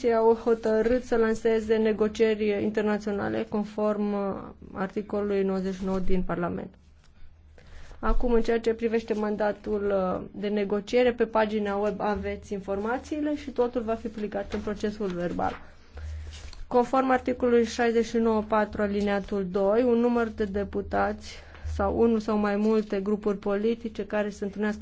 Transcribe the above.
părți au hotărât să lanseze negocieri internaționale conform uh, articolului 99 din Parlament. Acum, în ceea ce privește mandatul uh, de negociere, pe pagina web aveți informațiile și totul va fi publicat în procesul verbal. Conform articolului 69.4 alineatul 2, un număr de deputați sau unul sau mai multe grupuri politice care se întâlnească